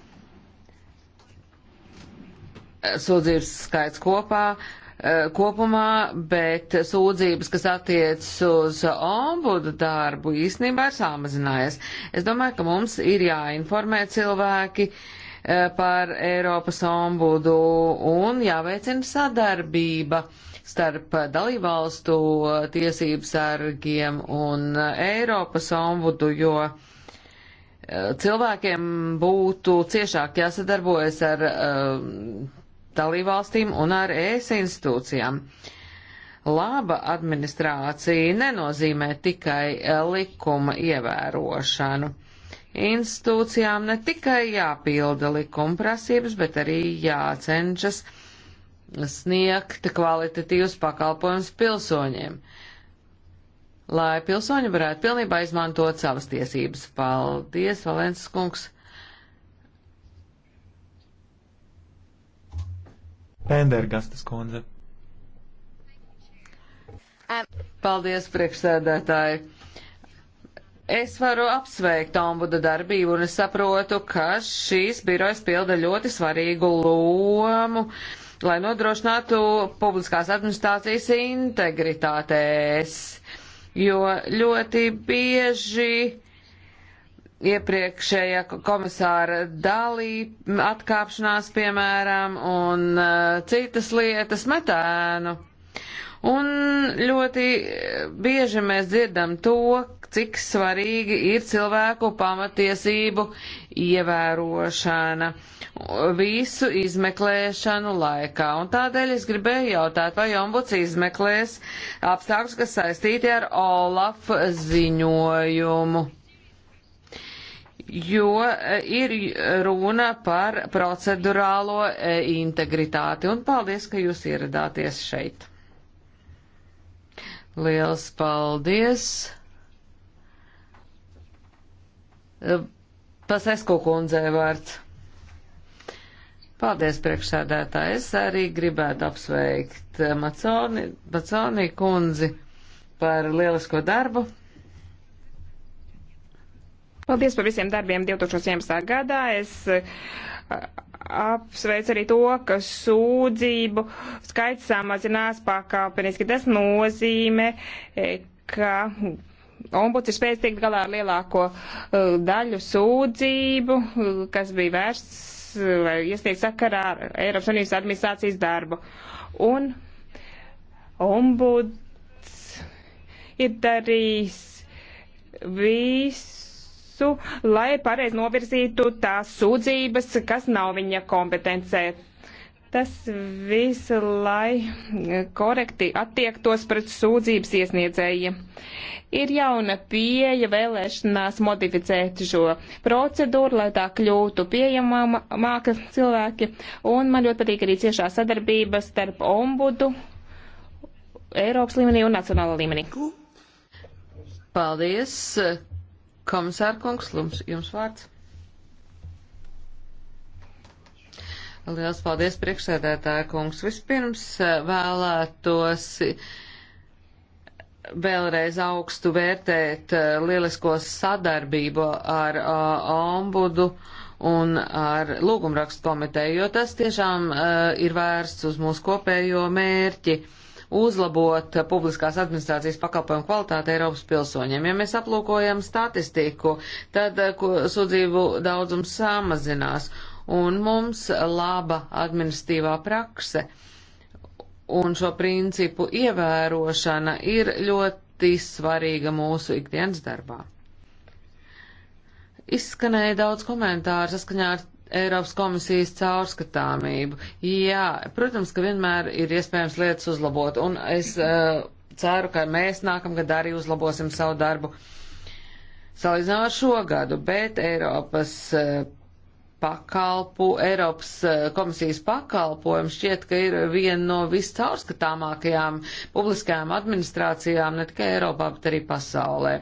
sūdzības skaits kopā, uh, kopumā, bet sūdzības, kas attiecas uz ombudu darbu, īstenībā ir samazinājies. Es domāju, ka mums ir jāinformē cilvēki. Uh, Eh, par Eiropas ombudu un jāveicina sadarbība starp dalībvalstu tiesību sargiem un Eiropas ombudu, jo eh, cilvēkiem būtu ciešāk jāsadarbojas ar uh, dalībvalstīm un ar ES institūcijām. Laba administrācija nenozīmē tikai likuma ievērošanu institūcijām ne tikai jāpilda likuma prasības, bet arī jācenšas sniegt kvalitatīvus pakalpojumus pilsoņiem, lai pilsoņi varētu pilnībā izmantot savas tiesības. Paldies, Valences kungs! Pendergastas kundze. Um, Paldies, priekšsēdētāji! Es varu apsveikt ombuda darbību un es saprotu, ka šīs birojas pilda ļoti svarīgu lomu, lai nodrošinātu publiskās administrācijas integritātēs, jo ļoti bieži iepriekšējā komisāra dalī atkāpšanās, piemēram, un uh, citas lietas metēnu. Un ļoti bieži mēs dzirdam to, cik svarīgi ir cilvēku pamatiesību ievērošana visu izmeklēšanu laikā. Un tādēļ es gribēju jautāt, vai ombuds izmeklēs apstākļus, kas saistīti ar Olaf ziņojumu. Jo e, ir runa par procedurālo e, integritāti. Un paldies, ka jūs ieradāties šeit. Liels paldies! Eh, Pasesko kundzē vārds. Paldies, priekšsēdētāji. Es arī gribētu apsveikt eh, Maconi, Maconi kundzi par lielisko darbu. Paldies par visiem darbiem 2011. gadā. Es eh, apsveic arī to, ka sūdzību skaits samazinās pakāpeniski. Tas nozīmē, ka ombuds ir spējis tikt galā ar lielāko uh, daļu sūdzību, uh, kas bija vērsts uh, vai iesniegts sakarā ar Eiropas Unības administrācijas darbu. Un ombuds ir darījis visu, lai pareiz novirzītu tās sūdzības, kas nav viņa kompetencē Tas viss, lai korekti attiektos pret sūdzības iesniedzējiem. Ir jauna pieeja vēlēšanās modificēt šo procedūru, lai tā kļūtu pieejamāka cilvēki, un man ļoti patīk arī ciešā sadarbība starp ombudu Eiropas līmenī un nacionāla līmenī. Paldies, komisārkungs, jums vārds. Liels paldies, priekšsēdētāja kungs. Vispirms eh, vēlētos eh, vēlreiz augstu vērtēt eh, lielisko sadarbību ar ombudu un ar lūgumrakstu komiteju, jo tas tiešām ir vērsts uz mūsu kopējo mērķi uzlabot publiskās administrācijas pakalpojumu kvalitāti Eiropas pilsoņiem. Ja mēs aplūkojam statistiku, tad sūdzību daudzums samazinās un mums laba administratīvā prakse un šo principu ievērošana ir ļoti svarīga mūsu ikdienas darbā. Izskanēja daudz komentāru saskaņā ar Eiropas komisijas caurskatāmību. Jā, protams, ka vienmēr ir iespējams lietas uzlabot, un es uh, ceru, ka mēs nākamgad arī uzlabosim savu darbu salīdzinām ar šo gadu, bet Eiropas uh, pakalpu, Eiropas eh, komisijas pakalpojumu šķiet, ka ir viena no viscaurskatāmākajām publiskajām administrācijām ne tikai Eiropā, bet arī pasaulē.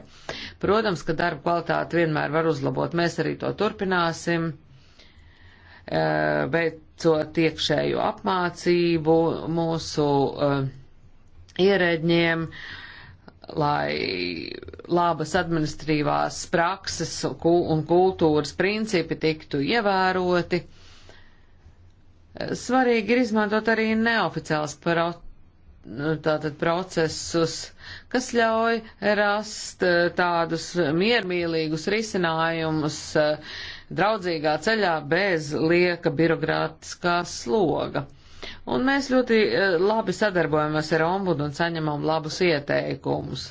Protams, ka darba kvalitāte vienmēr var uzlabot, mēs arī to turpināsim, eh, veicot iekšēju apmācību mūsu eh, ierēģiem. Uh, lai labas administrīvās prakses un kultūras principi tiktu ievēroti. Svarīgi ir izmantot arī neoficiāls pro, tātad, procesus, kas ļauj rast eh, tādus miermīlīgus risinājumus eh, draudzīgā ceļā bez lieka birokrātiskā sloga. Un mēs ļoti eh, labi sadarbojamies ar ombudu un saņemam labus ieteikumus.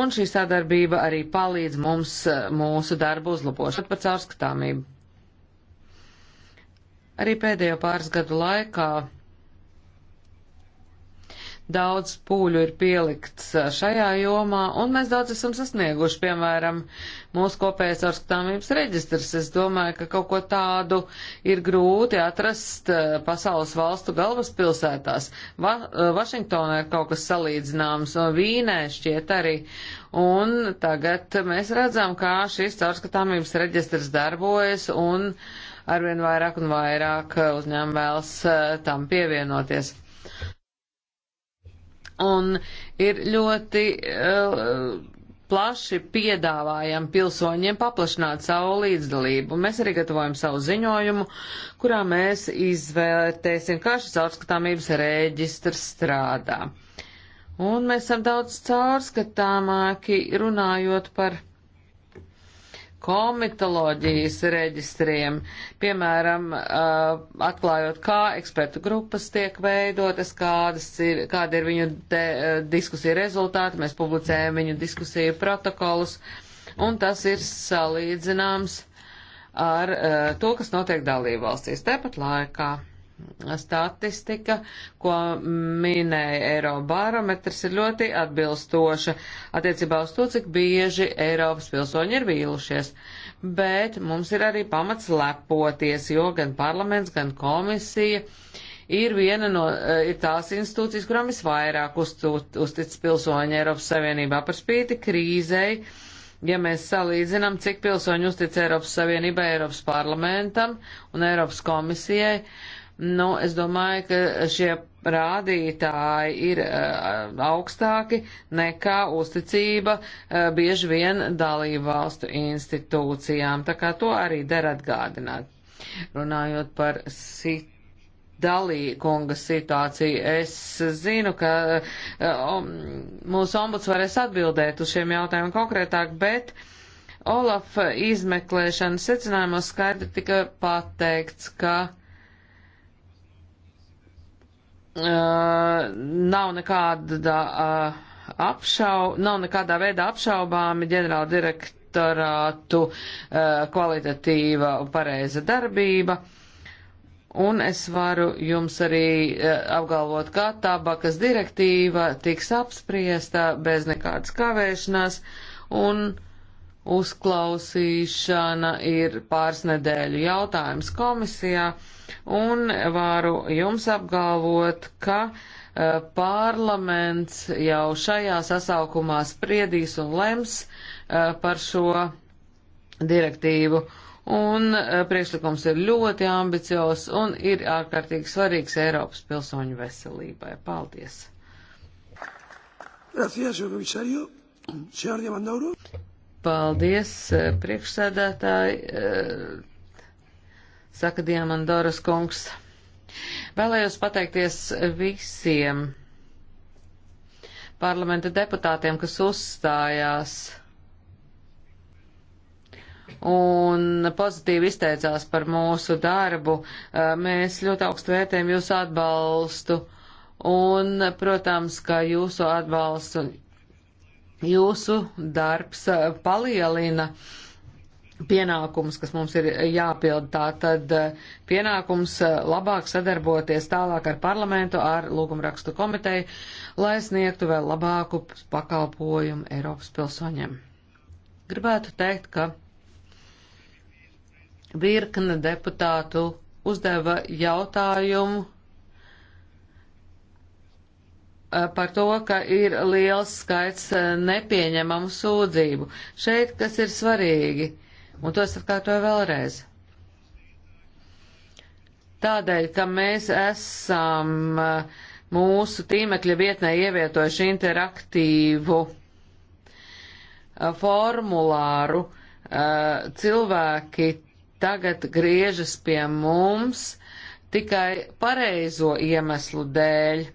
Un šī sadarbība arī palīdz mums eh, mūsu darbu uzlabošanu par caurskatāmību. Arī pēdējo pāris gadu laikā Daudz pūļu ir pielikts šajā jomā, un mēs daudz esam sasnieguši, piemēram, mūsu kopējais ārskatāmības reģistrs. Es domāju, ka kaut ko tādu ir grūti atrast pasaules valstu galvaspilsētās. Va Vašingtonā ir kaut kas salīdzināms, un Vīnē šķiet arī. Un tagad mēs redzam, kā šis caurskatāmības reģistrs darbojas un arvien vairāk un vairāk uzņēmumi vēlas tam pievienoties un ir ļoti uh, plaši piedāvājam pilsoņiem paplašināt savu līdzdalību. Mēs arī gatavojam savu ziņojumu, kurā mēs izvērtēsim, kā šis caurskatāmības reģistrs strādā. Un mēs esam daudz caurskatāmāki runājot par komitoloģijas reģistriem, piemēram, uh, atklājot, kā ekspertu grupas tiek veidotas, kādas ir, kāda ir viņu te, eh, diskusija rezultāti, mēs publicējam viņu diskusiju protokolus, un tas ir salīdzināms ar eh, to, kas notiek dalībvalstīs. Tepat laikā statistika, ko minēja Eirobarometrs, ir ļoti atbilstoša attiecībā uz to, cik bieži Eiropas pilsoņi ir vīlušies. Bet mums ir arī pamats lepoties, jo gan parlaments, gan komisija ir viena no eh, ir tās institūcijas, kurām visvairāk uztic pilsoņi Eiropas Savienībā par spīti krīzei. Ja mēs salīdzinām, cik pilsoņi uztic Eiropas Savienībai, Eiropas parlamentam un Eiropas komisijai, uh, Nu, es domāju, ka šie rādītāji ir uh, augstāki nekā uzticība uh, bieži vien dalību valstu institūcijām. Tā kā to arī der atgādināt. Runājot par sit dalīkunga situāciju, es zinu, ka uh, mūsu ombuds varēs atbildēt uz šiem jautājumiem konkrētāk, bet Olaf izmeklēšanas secinājumos skaidri tika pateikts, ka Uh, nav nekāda uh, apšau, nav nekādā veidā apšaubāmi ģenerāla direktorātu uh, kvalitatīva un pareiza darbība. Un es varu jums arī uh, apgalvot, ka tabakas direktīva tiks apspriesta bez nekādas kavēšanās un uh, uzklausīšana ir pāris nedēļu jautājums komisijā, un varu jums apgalvot, ka uh, parlaments jau šajā sasaukumā spriedīs un lems uh, par šo direktīvu. Un uh, priekšlikums ir ļoti ambiciozs un ir ārkārtīgi svarīgs Eiropas pilsoņu veselībai. Paldies! Gracias, señor comisario. Señor Diamandauro. Paldies, e, priekšsēdētāji, e, saka Diamandoras kungs. Vēlējos pateikties visiem parlamenta deputātiem, kas uzstājās un pozitīvi izteicās par mūsu darbu. E, mēs ļoti augstu vērtējam jūsu atbalstu un, protams, ka jūsu atbalsts un jūsu darbs eh, palielina pienākums, kas mums ir jāpild. Tā tad eh, pienākums eh, labāk sadarboties tālāk ar parlamentu, ar lūgumrakstu komiteju, lai sniegtu vēl labāku pakalpojumu Eiropas pilsoņiem. Gribētu teikt, ka virkne deputātu uzdeva jautājumu Eh, par to, ka ir liels skaits eh, nepieņemamu sūdzību. Šeit, kas ir svarīgi, un to es atkārtoju vēlreiz. Tādēļ, ka mēs esam eh, mūsu tīmekļa vietnē ievietojuši interaktīvu formulāru, cilvēki tagad griežas pie mums tikai pareizo iemeslu dēļ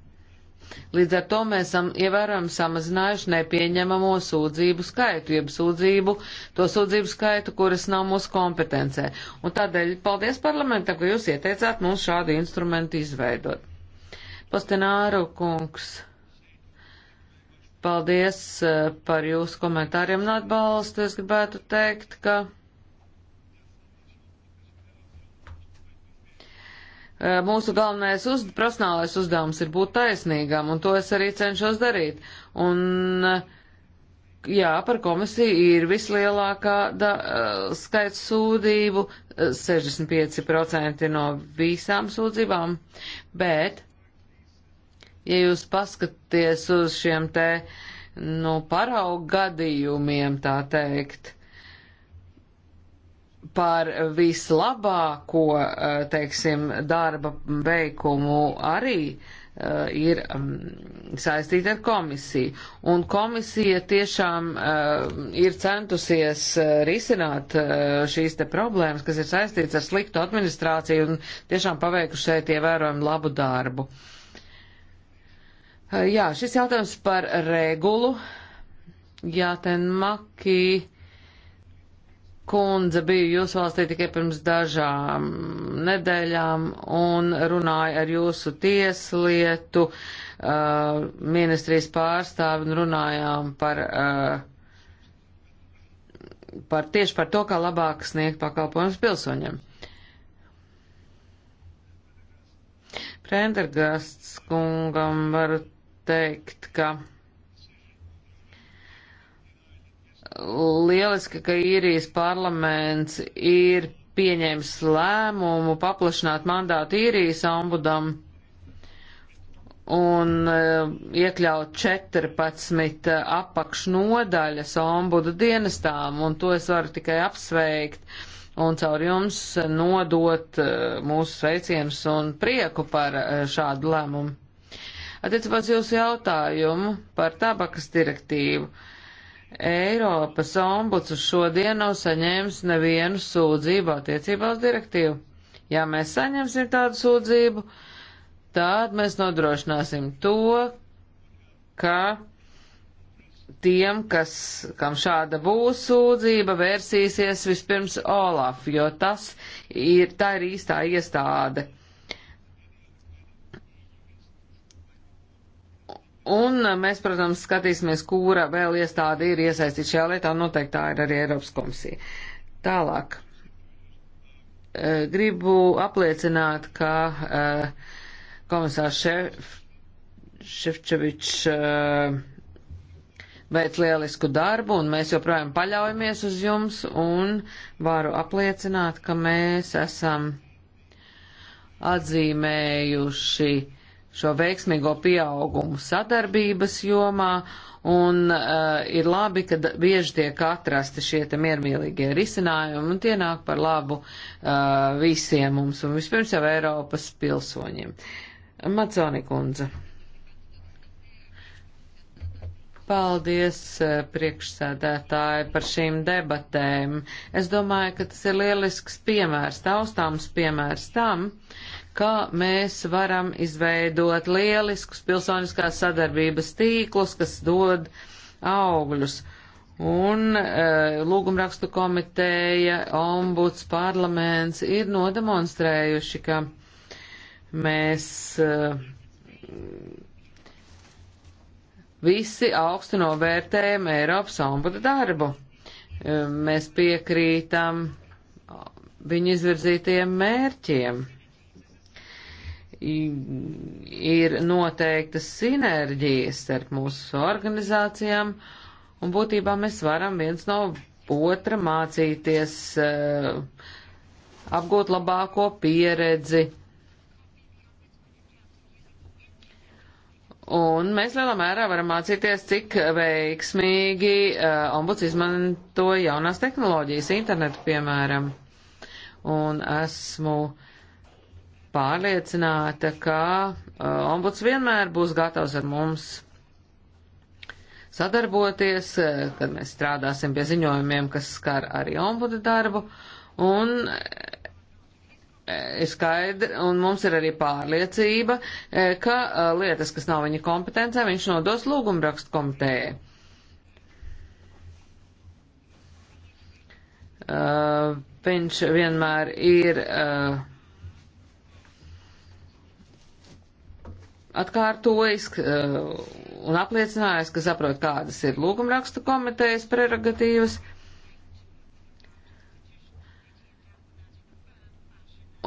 Līdz ar to mēs esam ievērojami samazinājuši nepieņemamo sūdzību skaitu, jeb sūdzību, to sūdzību skaitu, kuras nav mūsu kompetencē. Un tādēļ paldies parlamentam, ka jūs ieteicāt mums šādu instrumentu izveidot. Postināru kungs, paldies eh, par jūsu komentāriem un atbalstu. Es gribētu teikt, ka. Eh, mūsu galvenais uz, profesionālais uzdevums ir būt taisnīgam, un to es arī cenšos darīt. Un, eh, jā, par komisiju ir vislielākā da, eh, skaits sūdību, 65% no visām sūdzībām, bet, ja jūs paskaties uz šiem te, nu, paraugu gadījumiem, tā teikt, par vislabāko, eh, teiksim, darba veikumu arī eh, ir mm, saistīta ar komisiju. Un komisija tiešām eh, ir centusies risināt šīs te problēmas, kas ir saistīts ar sliktu administrāciju un tiešām paveikuši šeit ievērojumu labu darbu. Jā, šis jautājums par regulu. Jā, ten maki kundze biju jūsu valstī tikai pirms dažām nedēļām un runāju ar jūsu tieslietu uh, ministrijas pārstāvi un runājām par, uh, par tieši par to, kā labāk sniegt pakalpojumus pilsoņiem. Prendergasts kungam varu teikt, ka lieliski, ka īrijas parlaments ir pieņēmis lēmumu paplašināt mandātu īrijas ombudam un eh, iekļaut 14 eh, apakšnodaļas ombudu dienestām, un to es varu tikai apsveikt un caur jums nodot eh, mūsu sveicienus un prieku par šādu lēmumu. Attiecībā uz jūsu jautājumu par tabakas direktīvu. Uh, Eiropas ombuds uz šodien nav saņēmis nevienu sūdzību attiecībā uz direktīvu. Ja mēs saņemsim tādu sūdzību, tad mēs nodrošināsim to, ka tiem, kas, kam šāda būs sūdzība, vērsīsies vispirms Olaf, jo tas ir, tā ir īstā iestāde, Un mēs, protams, skatīsimies, kura vēl iestāde ir iesaistīta šajā lietā, un noteikti tā ir arī Eiropas komisija. Tālāk. Eh, gribu apliecināt, ka eh, komisārs Šef, Šefčevičs eh, veic lielisku darbu, un mēs joprojām paļaujamies uz jums, un varu apliecināt, ka mēs esam atzīmējuši šo veiksmīgo pieaugumu sadarbības jomā, un uh, ir labi, ka bieži tiek atrasti šie te miermīlīgie risinājumi, un tie nāk par labu uh, visiem mums, un vispirms jau Eiropas pilsoņiem. Maconi kundze. Paldies, eh, priekšsēdētāji, par šīm debatēm. Es domāju, ka tas ir lielisks piemērs, taustāms piemērs tam, kā mēs varam izveidot lieliskus pilsoniskās sadarbības tīklus, kas dod augļus. Un e, lūgumrakstu komiteja, ombuds, parlaments ir nodemonstrējuši, ka mēs e, visi augstu novērtējam Eiropas ombuda darbu. E, mēs piekrītam viņu izvirzītiem mērķiem ir noteiktas sinerģijas starp mūsu organizācijām, un būtībā mēs varam viens no otra mācīties, eh, apgūt labāko pieredzi. Un mēs lielā mērā varam mācīties, cik veiksmīgi eh, ombuds izmanto jaunās tehnoloģijas, internetu piemēram. Un esmu uh, pārliecināta, ka uh, ombuds vienmēr būs gatavs ar mums sadarboties, uh, kad mēs strādāsim pie ziņojumiem, kas skar arī ombuda darbu. Un ir uh, skaidri, un mums ir arī pārliecība, ka lietas, kas nav viņa kompetencē, viņš nodos lūgumrakstu komitējai. Viņš vienmēr ir uh, atkārtojis uh, un apliecinājis, ka saprot, kādas ir lūgumrakstu komitejas prerogatīvas.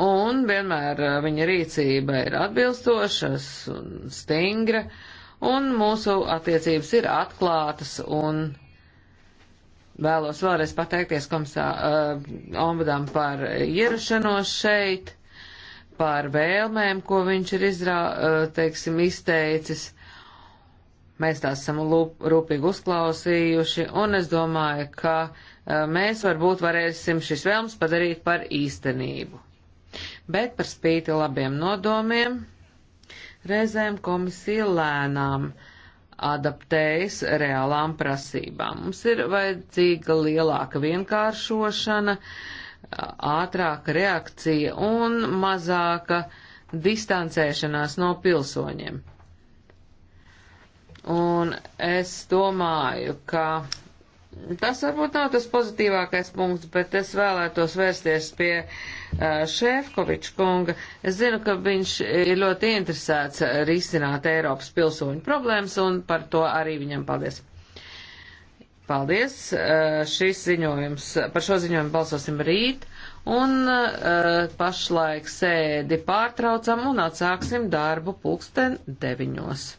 Un vienmēr uh, viņa rīcība ir atbilstošas un stingra, un mūsu attiecības ir atklātas, un vēlos vēlreiz pateikties komisā, uh, ombudām par ierašanos šeit par vēlmēm, ko viņš ir izrā, eh, teiksim, izteicis. Mēs tās esam lūp, rūpīgi uzklausījuši, un es domāju, ka eh, mēs varbūt varēsim šis vēlms padarīt par īstenību. Bet par spīti labiem nodomiem, reizēm komisija lēnām adaptējas reālām prasībām. Mums ir vajadzīga lielāka vienkāršošana, uh, ātrāka reakcija un mazāka distancēšanās no pilsoņiem. Un es domāju, ka tas varbūt nav tas pozitīvākais punkts, bet es vēlētos vērsties pie Šefkoviča kunga. Es zinu, ka viņš ir ļoti interesēts risināt Eiropas pilsoņu problēmas un par to arī viņam paldies. Paldies! Eh, šis ziņojums, par šo ziņojumu balsosim rīt, un eh, pašlaik sēdi pārtraucam un atsāksim darbu pulksten deviņos.